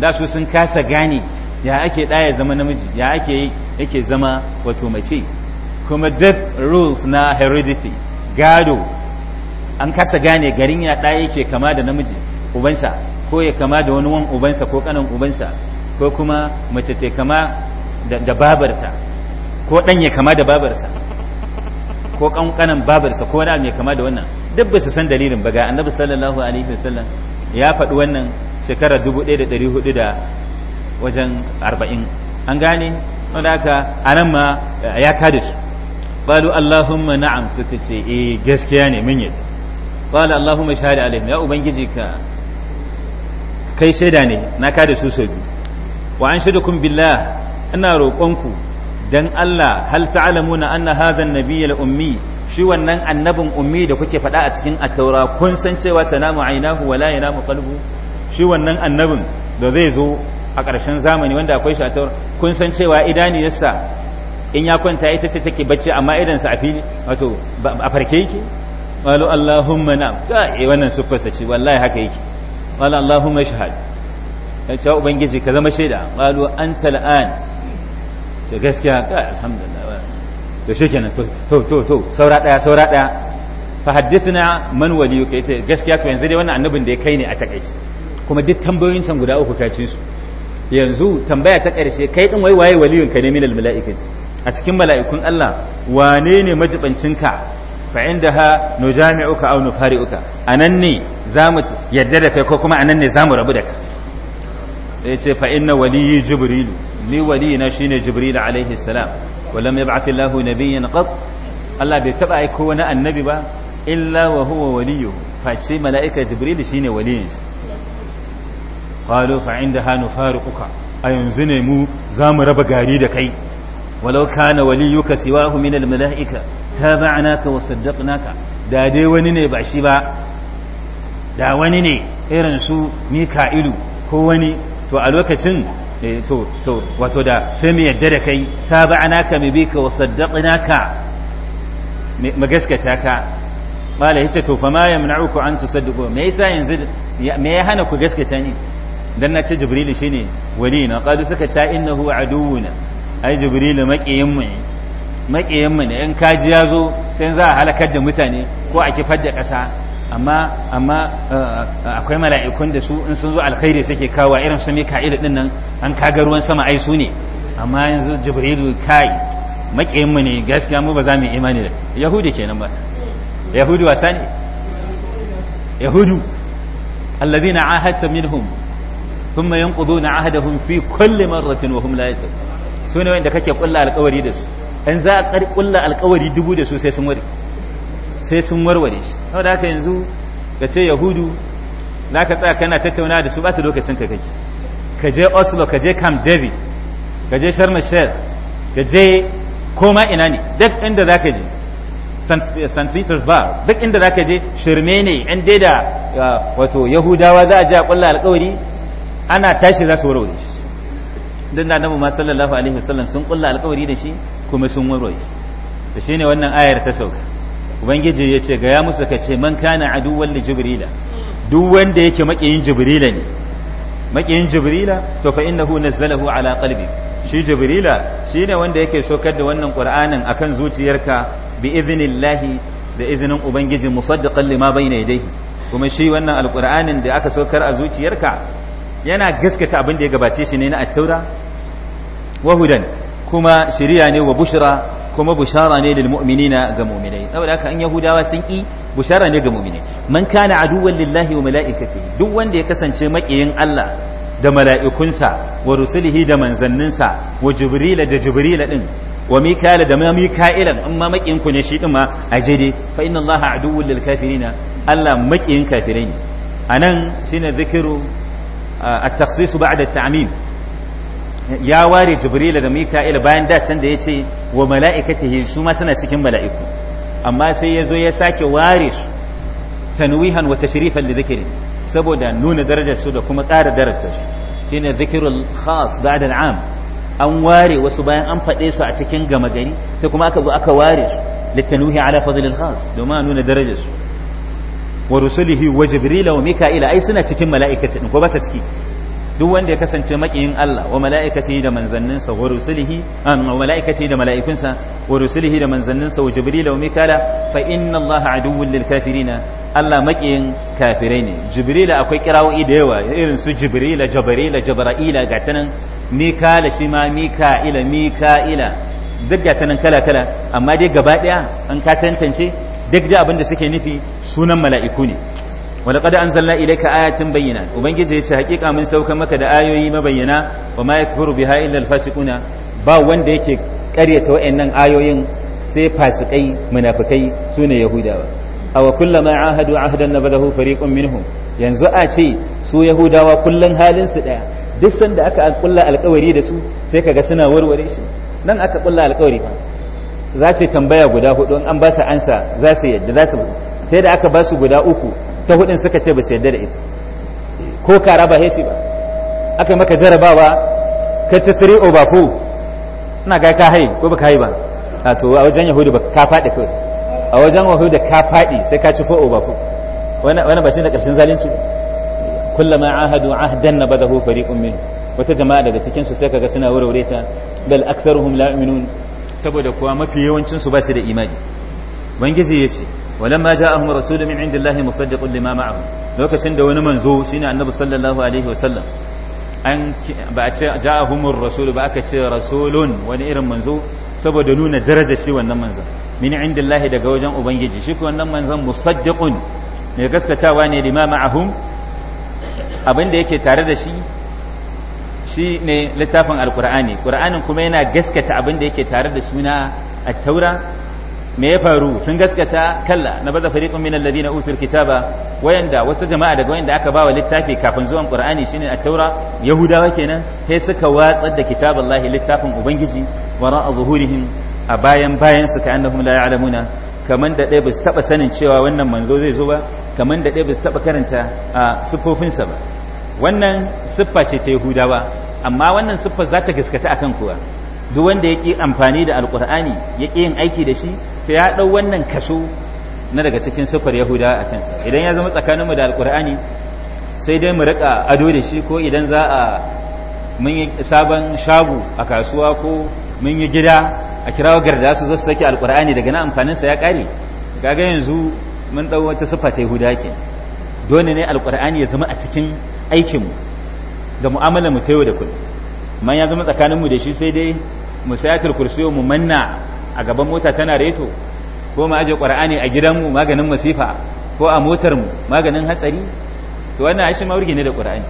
da su sun kasa gane ya ake ya zama namiji ya ake yake zama wato mace kuma duk rules na heredity gado an kasa gane garin ya ɗaya yake kama da namiji ubansa ko ya kama da wani wan ubansa ko kanan ubansa ko kuma mace ta kama da babarta ko ɗan ya kama da babarsa ko kankanan babarsa ko wani mai kama da wannan duk ba su san dalilin ba ga annabi sallallahu alaihi wasallam ya faɗi wannan shekarar 1400 da wajen 40 an gane saboda haka anan ma eh, ya kada su balu allahumma na'am suka ce eh gaskiya ne mun yi balu allahumma shahada alaihim ya ubangiji ka kai shaida ne na kada su sau biyu wa an shadukum billah ina roƙonku dan Allah hal ta'lamuna anna hadha an-nabiy al-ummi shi wannan annabin ummi da kuke faɗa a cikin at-taura kun san cewa tanamu aynahu wa la yanamu qalbu shi wannan annabin da zai zo a ƙarshen zamani wanda akwai shi a taura kun san cewa idaniyarsa in ya kwanta ita ce take bacci amma a fili wato a farke yake allahumma eh, wannan wallahi haka yake allahumma ya ubangiji ka zama shaida walu anta sai gaskiya ka alhamdulillah to kenan to to to saura daya saura daya fa hadithna man waliyu kai ce gaskiya to yanzu dai wannan annabin da ya kai ne a takaice kuma duk tambayoyin can guda uku ka ci su yanzu tambaya ta karshe kai din wai waye waliyun ka ne minal mala'ikati a cikin mala'ikun Allah wane ne majibancin ka fa indaha nujami'uka aw nufari'uka anan ne zamu yarda da kai ko kuma anan ne zamu rabu da kai yace fa inna waliyyi jibrilu li shi shine jibril alaihi salam walam yab'ath Allah nabiyyan qat Allah bai taba aiko wani annabi ba illa wa huwa waliyyu face mala'ika jibril shine waliyin shi qalu fa faru kuka a yanzu ne mu zamu raba gari da kai walau kana waliyuka siwahu min almala'ika naka wa naka. da dai wani ne ba shi ba da wani ne irin su ilu ko wani to a lokacin Eh, to to wato da sai mu yadda da kai ka mai bika wa ka mai gaskata ka mala yace to fa ma yamna'uku an tusaddiqu me yasa yanzu me ya hana ku gaskata ni dan na ce jibril shine wali na qalu suka ce innahu aduwuna ai jibril maqiyin mu maqiyin mu ne in kaji yazo sai za a halakar da mutane ko a kifar da ƙasa amma amma eh, eh, akwai mala'ikun da su in sun zo alkhairi suke kawo irin su mika'il din nan an kaga ruwan sama ai su ne amma yanzu jibrilu kai makiyin mu ne gaskiya mu ba za mu imani da yahudi kenan ba yahudi wasa ne yahudu alladhina ahadta minhum thumma yanquduna ahdahum fi kulli marratin wa hum la yataqun sune wanda kake kulla alkawari da su in za a kulla alkawari dubu da su sai sun wuri sai sun warware shi da aka yanzu ka ce yahudu za ka tsaya kana tattauna da su ba ta lokacin ka kake ka je oslo ka je camp david ka je sharm el ka je koma ina ne duk inda za ka je st Peter's bar duk inda za ka je shirme ne yan dai da wato yahudawa za a je a kulla alkawari ana tashi za su warware shi don da nabu sallallahu alaihi wasallam sun kulla alkawari da shi kuma sun warware shi shine wannan ayar ta sauka ubangiji ya ce gaya musu ka ce man kana aduwan li jibrila duk wanda yake makiyin jibrila ne makiyin jibrila to fa innahu nazzalahu ala qalbi shi jibrila ne wanda yake sokar da wannan qur'anin akan zuciyarka bi idnillahi da izinin ubangiji musaddiqan lima bayna yadayhi kuma shi wannan alqur'anin da aka saukar a zuciyarka yana gaskata abin da ya gabace shi ne na at-taura wahudan kuma shiriya ne wa bushra kuma bushara ne lil mu'minina ga mu'minai saboda haka an yahudawa sun ki bushara ne ga mu'minai man kana aduwwan lillahi wa mala'ikatihi duk wanda ya kasance makiyin Allah da mala'ikunsa wa rusulihi da manzanninsa wa jibrila da jibrila din wa mika'ila da ma in ma makiyin ku ne shi din ma ajede fa inna allaha aduwwan lil kafirina Allah makiyin kafirai ne anan shine zikiru at-takhsis ba'da at-ta'mim ya ware jibrila da mika'il bayan da can da ya ce wa mala'ikatihi su ma suna cikin mala'iku amma sai ya zo ya sake ware su tanwihan wa tashrifan li zikiri. saboda nuna darajar su da kuma ƙara darajar su ne dhikrul khas ba'da al'am an ware wasu bayan an faɗe su a cikin gama gari sai kuma aka zo aka ware su litanwihi ala fadlil khas domin a nuna darajar su wa rusulihi wa jibrila wa mika'ila ai suna cikin mala'ikati din ko ba sa ciki duk wanda ya kasance makiyin Allah wa mala'ikati da manzanninsa wa rusulihi wa mala'ikati da sa wa rusulihi da sa wa jibril wa mikala fa inna Allah aduwwul lil kafirina Allah makiyin kafirai ne jibril akwai kirawoyi da yawa irin su jibril jabril jabra'ila gatanan mikala shi ma mika'ila mika'ila duk gatanan kala kala amma dai gaba daya an ka tantance duk da abin da suke nufi sunan mala'iku ne wani kada an zalla ilaika ayatin bayyana ubangiji ya ce hakika mun sauka maka da ayoyi mabayyana wa ma yakfuru biha illa alfasiquna ba wanda yake karyata wa'annan ayoyin sai fasikai munafikai sune yahudawa aw kullama ahadu ahdan nabadahu fariqun minhum yanzu a ce su yahudawa kullun halin su daya duk sanda aka kulla alƙawari da su sai kaga suna warware shi nan aka kulla alƙawari fa za su tambaya guda hudu an ba su ansa za su yadda za su sai da aka ba su guda uku ta hudun suka ce ba su yadda da ita ko kara ba hesi ba aka yi maka jarabawa ka ci 3 over 4 ina ga ka hai ko ba ka hai ba a to a wajen yahudu ba ka faɗi kawai a wajen yahudu ka faɗi sai ka ci 4 over 4 wani ba shi da ƙarshen zalunci ma ahadu da nabadahu fariqun minhum wata jama'a daga cikin su sai kaga suna wurwure ta bal aktharuhum la yu'minun saboda kuwa mafi yawancin su ba su da imani ubangiji ya ce walamma ja'ahum rasulun min indillahi musaddiqun lima ma'ahum lokacin da wani manzo shine annabi sallallahu alaihi wasallam an ba a ce ja'ahumur rasul ba aka ce rasulun wani irin manzo saboda nuna daraja shi wannan manzon min indillahi daga wajen ubangiji shi wannan manzon musaddiqun ne gaskatawa ne lima ma'ahum abin da yake tare da shi shi ne littafin alkur'ani qur'anin kuma yana gaskata abin da yake tare da suna a taura me ya faru sun gaskata kalla na baza fariqun min na usul kitaba wayanda wasu jama'a daga wayanda aka bawa littafi kafin zuwan qur'ani shine at-taura yahudawa kenan sai suka watsar da kitaballahi littafin ubangiji wara zuhurihim a bayan bayan su ka'annahum la ya'lamuna kaman da ɗaya ba su taɓa sanin cewa wannan manzo zai zo ba kaman da ɗaya ba su taɓa karanta a siffofinsa ba wannan siffa ce ta yahudawa amma wannan siffa za ta gaskata akan kuwa duk wanda yake amfani da alqur'ani yake yin aiki da shi sai ya dau wannan kaso na daga cikin sukar yahuda a kansa idan ya zama tsakaninmu da alkur'ani sai dai mu rika ado da shi ko idan za a mun yi sabon shago a kasuwa ko mun yi gida a kirawo garda su zasu saki alkur'ani daga na amfaninsa ya kare kaga yanzu mun dau wata sifa ta yahuda ke dole ne alkur'ani ya zama a cikin aikinmu da mu'amalar mu ta yau da kullum man ya zama tsakaninmu da shi sai dai mu kursi kursiyo mu manna a gaban mota tana reto ko mu aje qur'ani a gidanmu maganin masifa ko a motar mu maganin hatsari to wannan aishi mawurgi ne da qur'ani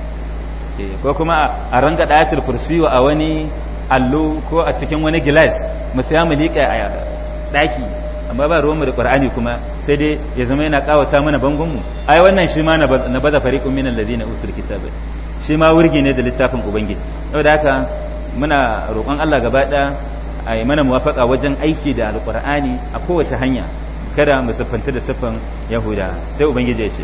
eh, ko kuma a ranga dayatul kursiyo a wani allo ko a cikin wani gilas mu saya mu liƙa a daki amma ba ruwanmu da qur'ani kuma sai dai ya zama yana kawata mana bangonmu ai wannan shi ma na bada fariqun minal ladina utul kitaba shi ma wurgi ne da littafin ubangiji saboda haka muna roƙon Allah gaba ɗaya a yi mana muwafaƙa wajen aiki da alƙur'ani a kowace hanya kada mu siffanta da siffan yahuda sai ubangiji ya ce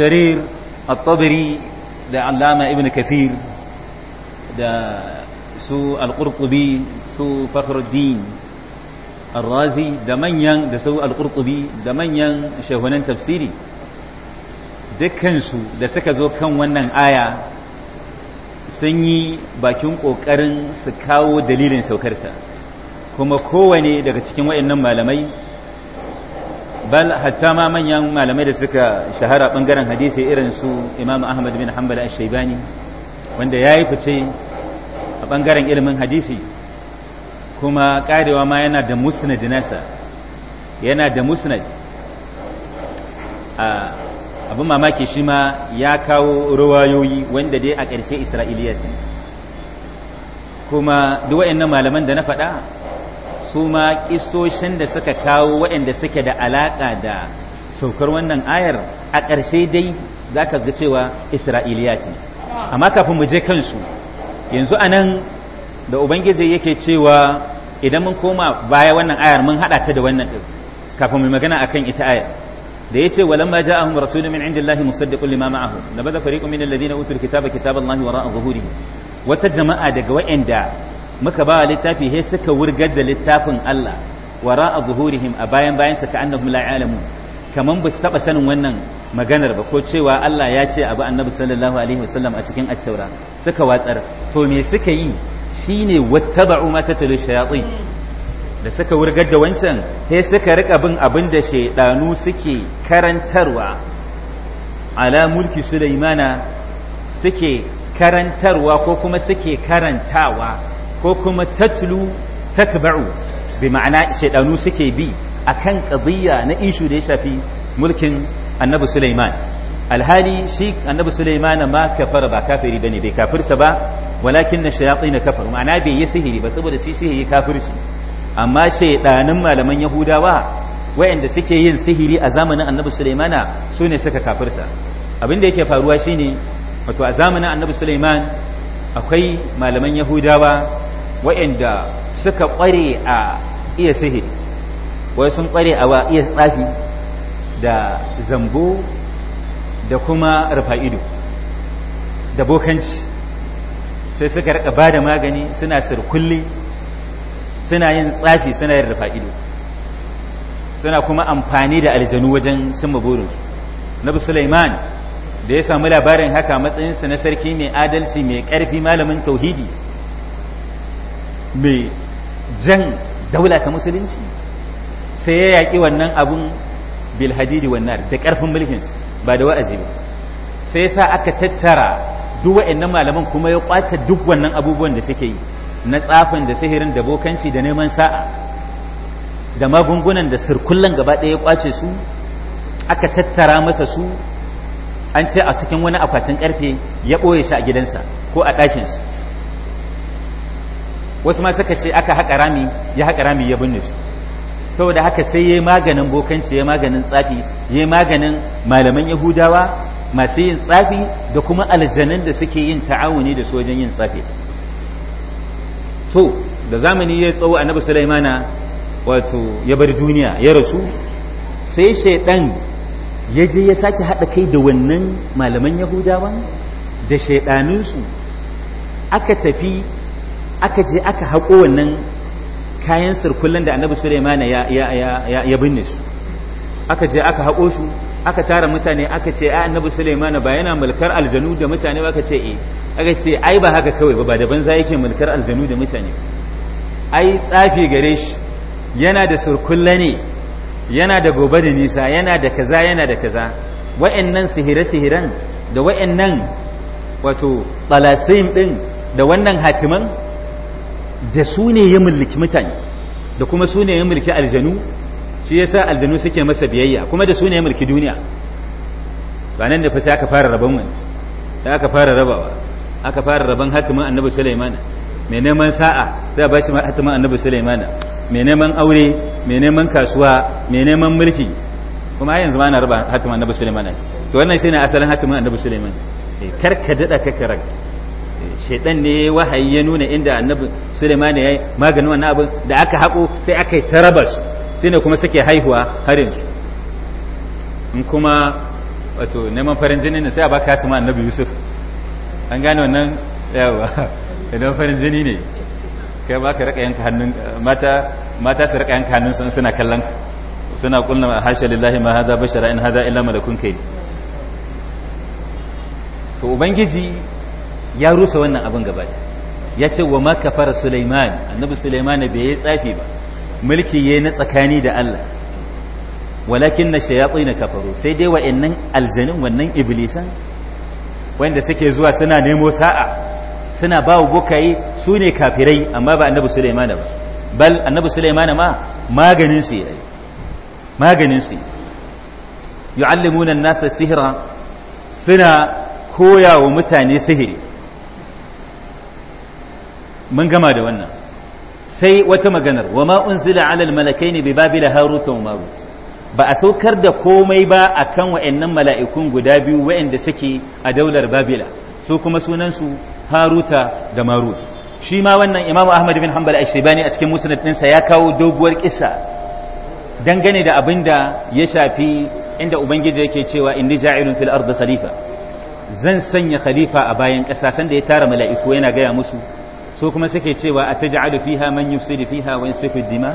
jarir at-tabari da allama ibn Kafir da su al su fakhruddin ar da manyan da su al da manyan shehunan tafsiri dukansu da suka zo kan wannan aya sun yi bakin ƙoƙarin su kawo dalilin saukarsa kuma kowane daga cikin waɗannan malamai bal hatta ma manyan malamai da suka shahara bangaren hadisi irin su imam ahmad bin hanbal ash-shaybani wanda yayi fice a bangaren ilimin hadisi kuma karewa ma yana da musnad nasa yana da musnad abin mamaki shi ma ya kawo ruwayoyi wanda dai a ƙarshe isra'iliya kuma duk waɗannan malaman da na faɗa su ma kisoshin da suka kawo waɗanda suke da alaƙa da saukar wannan ayar a ƙarshe dai za ka ga cewa isra'iliya ce amma kafin mu je kansu yanzu a nan da ubangiji yake cewa idan mun koma baya wannan ayar mun haɗa ta da wannan ɗin kafin mu magana akan ita ayar da ya yace walamma ja'ahum rasulun min indillahi musaddiqun lima ma'ahu nabada fariqun min alladhina utul kitaba kitaballahi wara'a zuhurihim wata jama'a daga waɗanda muka ba littafi he suka wurgar da littafin Allah wara a zuhurihim a bayan bayan suka annabu la ya'lamun kaman ba su taba sanin wannan maganar ba ko cewa Allah ya ce abu annabi sallallahu alaihi wasallam a cikin at suka watsar to me suka yi shine wattaba'u ma tatlu shayatin da suka wurgar da wancan sai suka rika bin abin da shaydanu suke karantarwa ala mulki sulaimana suke karantarwa ko kuma suke karantawa ko kuma tatlu tatba'u bi ma'ana shaidanu suke bi akan qadiyya na ishu da ya shafi mulkin annabi Sulaiman alhali shi annabi Sulaiman ma kafara ba kafiri bane bai kafirta ba walakin na shayatin kafar ma'ana bai yi sihiri ba saboda shi sihiri kafirci amma shaidanin malaman yahudawa wayanda suke yin sihiri a zamanin annabi sulaimana su ne suka kafirta abin da yake faruwa shine wato a zamanin annabi sulaiman akwai malaman yahudawa wa'inda suka ƙware a iya sihiri wai sun kware a iya tsafi da zambo da kuma rufa da bokanci sai suka raka ba da magani suna sirkulle suna yin tsafi suna yin rufa ido suna kuma amfani da aljanu wajen cimma su, na Sulaiman da ya samu labarin haka matsayinsa na sarki mai adalci mai ƙarfi malamin tauhidi mai jan daula ta musulunci sai ya yaƙi wannan abun bilhadidi wannan da ƙarfin mulkinsu ba da wa'azi ba sai sa aka tattara duk wa'annan malaman kuma ya kwace duk wannan abubuwan da suke yi na tsafin da sihirin da bokanci da neman sa'a da magungunan da sirkullan gaba ɗaya ya kwace su aka tattara masa su an ce a cikin wani akwatin ƙarfe ya ɓoye shi a gidansa ko a ɗakinsa wasu ma suka ce aka haƙa rami ya haƙa rami ya binne su saboda haka sai yayi maganin bokanci yayi maganin tsafi yayi maganin malaman yahudawa masu yin tsafi da kuma aljanan da suke yin ta'awuni da su wajen yin tsafi to da zamani ya tsawo annabi sulaimana wato ya bar duniya ya rasu sai shaidan ya je ya sake haɗa kai da wannan malaman Yahudawa da shaidaninsu aka tafi aka je aka haƙo wannan kayan sirkullan da annabi Sulaimana ya binne su aka je aka haƙo su aka tara mutane aka ce ai annabi Sulaimana ba yana mulkar aljanu da mutane ba aka ce eh aka ce ai ba haka kawai ba ba da banza yake mulkar aljanu da mutane ai tsafi gare shi yana da surkulla ne yana da gobe da nisa yana da kaza yana da kaza wa'annan sihire-sihiren da wa'annan wato talasim din da wannan hatiman da su ne ya mulki mutane da kuma su ne ya mulki aljanu shi ya sa aljanu suke masa biyayya kuma da su ne ya mulki duniya ba nan da fa sai aka fara rabon wani sai aka fara rabawa aka fara rabon hatimin annabi sulaimana mai neman sa'a sai a shi hatimin annabi sulaimana mai neman aure mai neman kasuwa mai neman mulki kuma yanzu ma na raba hatimin annabi sulaimana to wannan shine asalin hatimin annabi sulaimana eh, kar ka daɗa ka karar shaidan ne wahayi ya nuna inda annabi Suleiman ya yi maganin wannan abin da aka haƙo sai aka yi tarabas sai ne kuma suke haihuwa harin su in kuma wato neman farin jini ne sai a baka hatima annabi Yusuf an gane wannan yawa idan farin jini ne kai ba ka raka yanka hannun mata mata su raka yanka hannun sun suna kallon suna kullum hasha lillahi ma haza bashara in haza illa malakun kai to ubangiji ya rusa wannan abin gaba ya ce wa ma kafara Sulaiman annabi Suleiman bai yi tsafi ba mulki yayi na tsakani da Allah walakin na na kafaru sai dai wa'annan aljanin wannan iblisan wanda suke zuwa suna nemo sa'a suna ba wa bokaye su ne kafirai amma ba annabi Suleiman ba bal annabi Suleiman ma maganin su yayi maganin su yu'allimuna an-nasa sihra suna koya wa mutane sihiri mun gama da wannan sai wata maganar wa ma unzila alal bai bi babila harut wa marut ba a saukar da komai ba akan wa'annan mala'ikun guda biyu wa'anda suke a daular babila su kuma sunan haruta da marut shi ma wannan imam ahmad bin hanbal ashibani a cikin musnad ɗinsa ya kawo doguwar kisa dangane da abin da ya shafi inda ubangiji yake cewa inni ja'ilun fil ardi khalifa zan sanya khalifa a bayan ƙasa sanda ya tara mala'iku yana gaya musu su kuma suke cewa a taj'alu fiha man yufsidu fiha wa yasfiku dima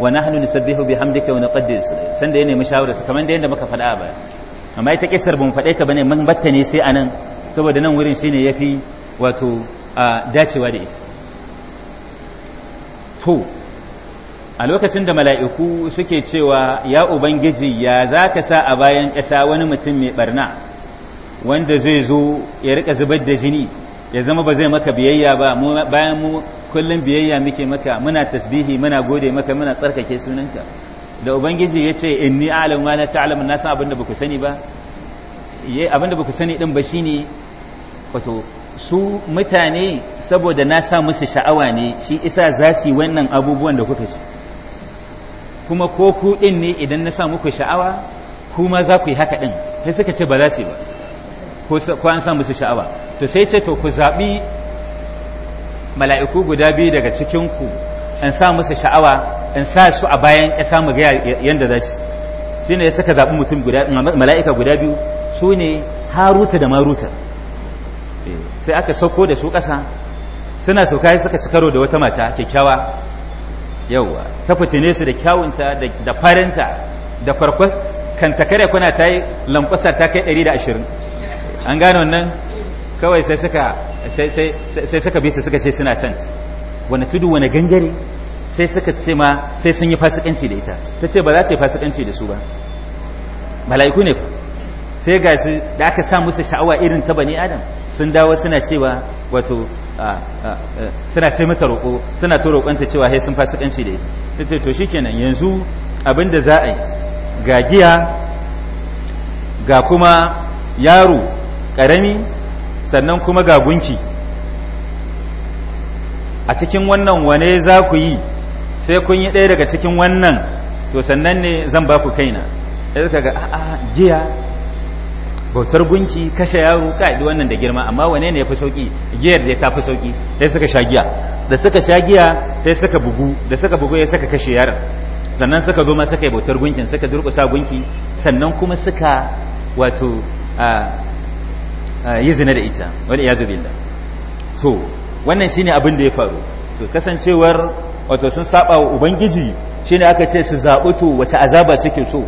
wa nahnu nusabbihu bihamdika wa nuqaddis san da ya nemi shawara su kamar da yanda muka faɗa ba amma ita kisar bun faɗe ta bane mun batta ne sai anan saboda nan wurin shine yafi wato dacewa da ita to a lokacin da mala'iku suke cewa ya ubangiji ya za sa a bayan ƙasa wani mutum mai barna wanda zai zo ya rika zubar da jini ya zama ba zai maka biyayya ba bayan mu kullum biyayya muke maka muna tasbihi muna gode maka muna tsarkake sunanka da ubangiji ya ce inni alam wa la ta'lamu na san abinda baka sani ba Ye abinda baka sani din ba shine wato su mutane saboda na sa musu sha'awa ne shi isa za su yi wannan abubuwan da kuka ci kuma ko ku din ne idan na sa muku sha'awa kuma za ku yi haka din sai suka ce ba za su yi ba ko an samu su sha'awa to sai ce to ku zaɓi mala'iku guda biyu daga cikinku in sa musu sha'awa in sa su a bayan ya samu gaya yadda za shi shi ne ya saka zaɓi mutum guda mala'ika guda biyu su ne haruta da maruta eh, sai aka sauko da su ƙasa suna sauka ya suka ci karo da wata mata kyakkyawa yauwa ta fitine su da kyawunta da farinta da farko kan kare kuna ta yi lankwasa ta kai ɗari da ashirin. an gane wannan kawai sai suka sai suka bi ta suka ce suna sent wani tudu wani gangare sai suka ce ma sai sun yi fasikanci da ita ta ce ba za ta yi fasikanci da su ba mala'iku ne sai ga su da aka sa musu sha'awa irin ta bani adam sun dawo suna cewa wato suna kai mata roƙo suna to roƙonta cewa hai sun fasikanci da ita ta ce to shikenan yanzu abin da za a yi ga giya ga kuma yaro karami sannan kuma ga gunki a cikin wannan wane za ku yi sai kun yi ɗaya daga cikin wannan to sannan ne zan ba ku kaina da suka ga a'a giya bautar gunki kashe yaro kaɗi wannan da girma amma wane ne ya fi sauƙi giyar da ta fi sauƙi sai suka sha giya da suka sha giya sai suka bugu da suka bugu ya suka kashe yaron sannan suka zo ma suka yi bautar gunkin suka durƙusa gunki sannan kuma suka wato ah, Eh, yi zina da ita wani iya iyadu da to wannan shine abin da ya faru to kasancewar wato sun saba wa ubangiji shine aka ce su zaɓi to wace azaba suke so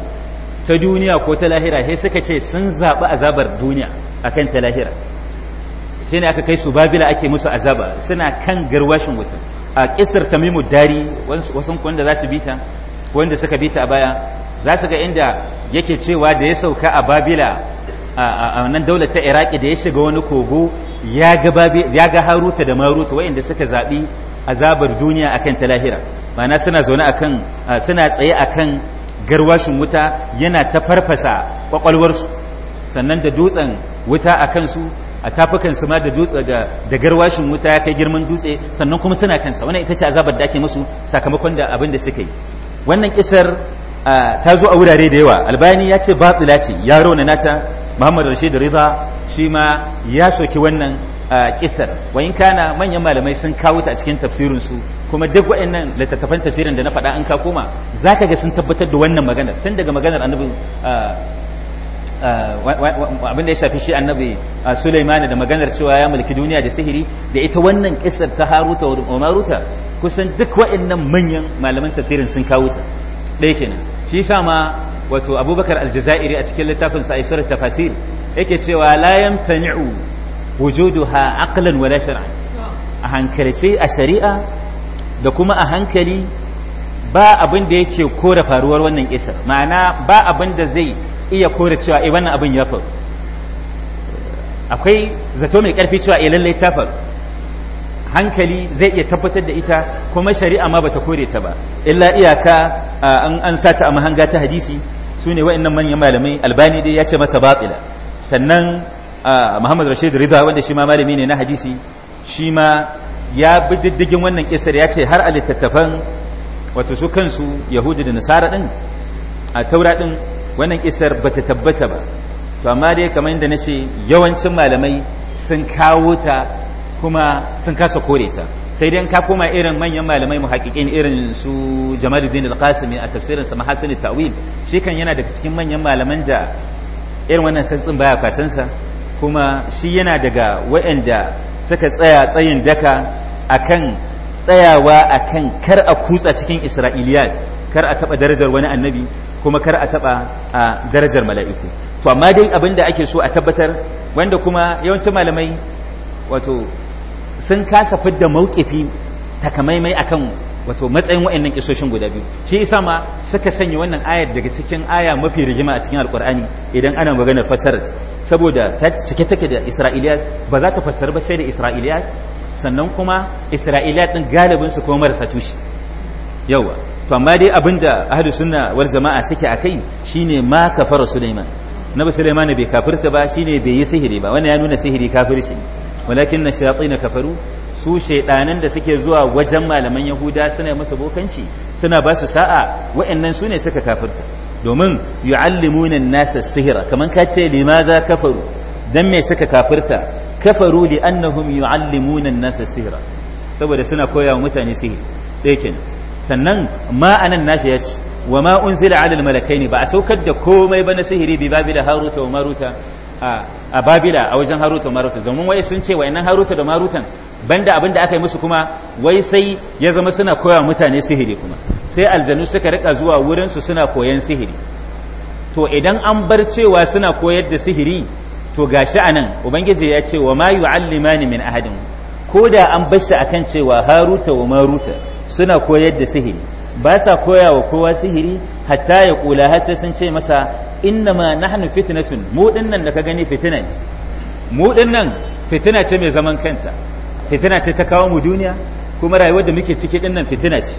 ta duniya ko ta lahira sai suka ce sun zaɓi azabar duniya akan ta lahira shine aka kai su babila ake musu azaba suna kan garwashin wuta a kisar tamimu dari wasu wanda za su bita wanda suka bita a baya za su ga inda yake cewa da ya sauka a babila a nan daular ta iraki da ya shiga wani kogo ya ga haruta da maruta wayanda suka zaɓi azabar duniya akan ta lahira mana suna zaune akan suna tsaye akan garwashin wuta yana ta farfasa kwakwalwarsu sannan da dutsen wuta a kansu a tafukansu ma da dutse da garwashin wuta ya kai girman dutse sannan kuma suna kansa wannan ita ce azabar da ake musu sakamakon da abin da suka yi wannan kisar ta zo a wurare da yawa albani ya ce batsila ce ya rauna nata muhammad rashid riza shi ma ya soki wannan kisar wa kana manyan malamai sun kawo ta a cikin tafsirin su kuma duk wayannan littattafan tafsirin da na faɗa an ka koma zaka ga sun tabbatar da wannan magana tun daga maganar annabi abin da ya shafi shi annabi Sulaimani da maganar cewa ya mulki duniya da sihiri da ita wannan kisar ta Haruta wa Maruta kusan duk wayannan manyan malaman tafsirin sun kawo ta ɗaya kenan shi sa ma wato abubakar aljazairi a cikin littafin sa aisar tafasir yake cewa la yamtani'u wujuduha aqlan wala shar'an a hankalce a shari'a da kuma a hankali ba abin da yake kora faruwar wannan isar ma'ana ba abin da zai iya kora cewa eh wannan abin ya faru akwai zato mai karfi cewa eh lallai ta faru hankali zai iya tabbatar da ita kuma shari'a ma bata kore ta ba illa iyaka an an sata a mahanga ta hadisi sune waɗannan manyan malamai albani dai ya ce mata batila sannan muhammad rashid rida wanda shi ma malami ne na hadisi shi ma ya bi diddigin wannan kisar ya ce har a littattafan wato su kansu yahudu da nasara din a taura din wannan kisar bata tabbata ba to amma dai kamar yadda na ce yawancin malamai sun kawo ta kuma sun kasa kore ta sai dai ka koma irin manyan malamai muhaqqiqin irin su Jamaluddin Al-Qasimi a tafsirin sa Mahasin Tawil shi kan yana daga cikin manyan malaman da irin wannan santsin baya kwasansa kuma shi yana daga waɗanda suka tsaya tsayin daka akan tsayawa akan kar a kutsa cikin Isra'iliyat kar a taba darajar wani annabi kuma kar a taba darajar mala'iku to amma dai abinda ake so a tabbatar wanda kuma yawancin malamai wato sun kasa fidda mauƙifi takamaimai akan wato matsayin wa'annan isoshin guda biyu shi isa ma suka sanya wannan ayar daga cikin aya mafi rigima a cikin alkur'ani idan ana maganar fasarar saboda ta cike take da isra'iliya ba za ta fassara ba sai da isra'iliyat sannan kuma isra'iliyat din galibin su kuma marasa tushe yawa to amma dai abinda ahlus sunna wal jama'a suke akai shine ma kafara sulaiman nabi sulaiman bai kafirta ba shine bai yi sihiri ba wannan ya nuna sihiri kafirci walakin na kafaru su shaidanan da suke zuwa wajen malaman yahuda suna musu bokanci suna ba su sa'a wa'annan su ne suka kafirta domin yu'allimuna nasa sihira kaman ka ce limadha kafaru dan me suka kafirta kafaru li annahum yu'allimuna nasa sihira saboda suna koya wa mutane sihir sai sannan ma anan nafiya ce wa ma unzila ala al malakaini ba a saukar da komai ba na sihiri bi babi da haruta wa maruta a babila a wajen haruta maruta domin wai sun ce wayannan haruta da marutan banda abin da aka yi musu kuma wai sai ya zama suna koya mutane sihiri kuma sai aljanu suka rika zuwa wurin su suna koyan sihiri to idan an bar cewa suna koyar da sihiri to gashi anan ubangiji ya ce wa mayu yu'allimani min ahadin ko da an bar shi akan cewa haruta wa maruta suna koyar da sihiri ba sa koya wa kowa sihiri hatta ya kula har sai sun ce masa inna ma nahnu fitnatun mu dinnan da ka gani fitina ne mu dinnan fitina ce mai zaman kanta fitina ce ta kawo mu duniya kuma rayuwar da muke ciki dinnan fitina ce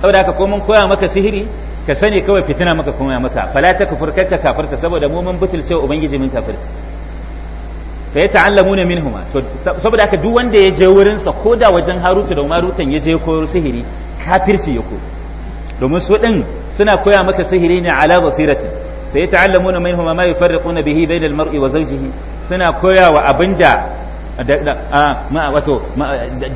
saboda haka ko mun koya maka sihiri ka sani kawai fitina maka koya maka fala ta kufur kakka kafirta saboda mu mun butulce ubangiji mun kafirta fa ya ta'allamuna minhuma to saboda haka duk wanda ya je wurin sa koda wajen Haruta da Marutan ya je ko sihiri kafirci ya ko domin su din suna koya maka sihiri ne ala basiratin sai ya ta'allamuna ma yufarriquna bihi bainal mar'i wa zawjihi suna koya wa abinda da wato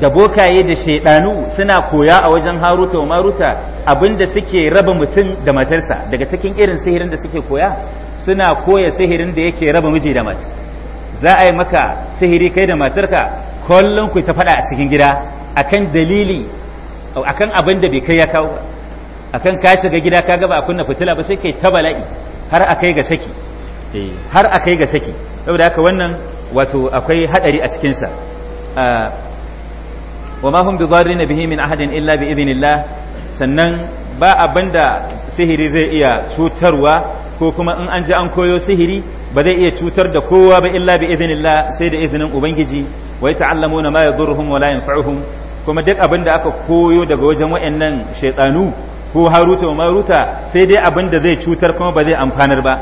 da bokaye da shaiɗanu suna koya a wajen haruta wa maruta abinda suke raba mutum da matarsa daga cikin irin sihirin da suke koya suna koya sihirin da yake raba miji da mace za a yi maka sihiri kai da matarka kullum ku ta faɗa a cikin gida akan dalili akan abin da bai kai ya kawo akan ka shiga gida ka gaba a kunna fitila ba sai kai ta bala'i har akai ga saki eh, har akai ga saki saboda haka wannan wato akwai hadari a cikin sa wa ma hum bidarrin bihi min ahadin illa bi idhnillah sannan ba abinda sihiri zai iya cutarwa ko kuma in an ji an koyo sihiri ba zai iya cutar da kowa ba illa bi idhnillah sai da izinin ubangiji wa yata'allamuna ma yadhurruhum wa la yanfa'uhum kuma duk abin da aka koyo daga wajen wayannan shaytanu ko haruta wa maruta sai dai abin da zai cutar kuma ba zai amfanar ba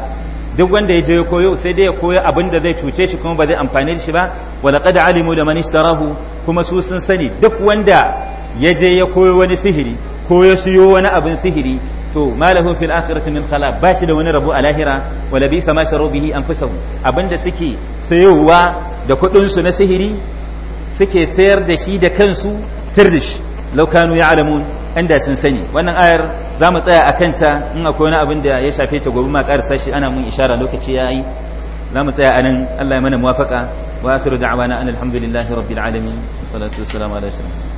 duk wanda ya je koyo sai dai ya koyo abin da zai cuce shi kuma ba zai amfane shi ba wa laqad alimu da man ishtarahu kuma su sun sani duk wanda ya je ya koyo wani sihiri ko ya siyo wani abin sihiri to malahu fil akhirati min khala ba shi da wani rabu a lahira wala bi sama sharu bihi anfusahum abinda suke sayowa da kuɗin su na sihiri suke sayar da shi da kansu tirdish law kanu ya'lamun inda sun sani wannan ayar za mu tsaya a kanta in akwai wani abin da ya shafe ta gobe ma ƙarasa shi ana mun ishara lokaci ya yi za mu tsaya a nan Allah ya mana muwafaka wa asiru da'awana an alhamdulillahi rabbil alamin salatu wassalamu ala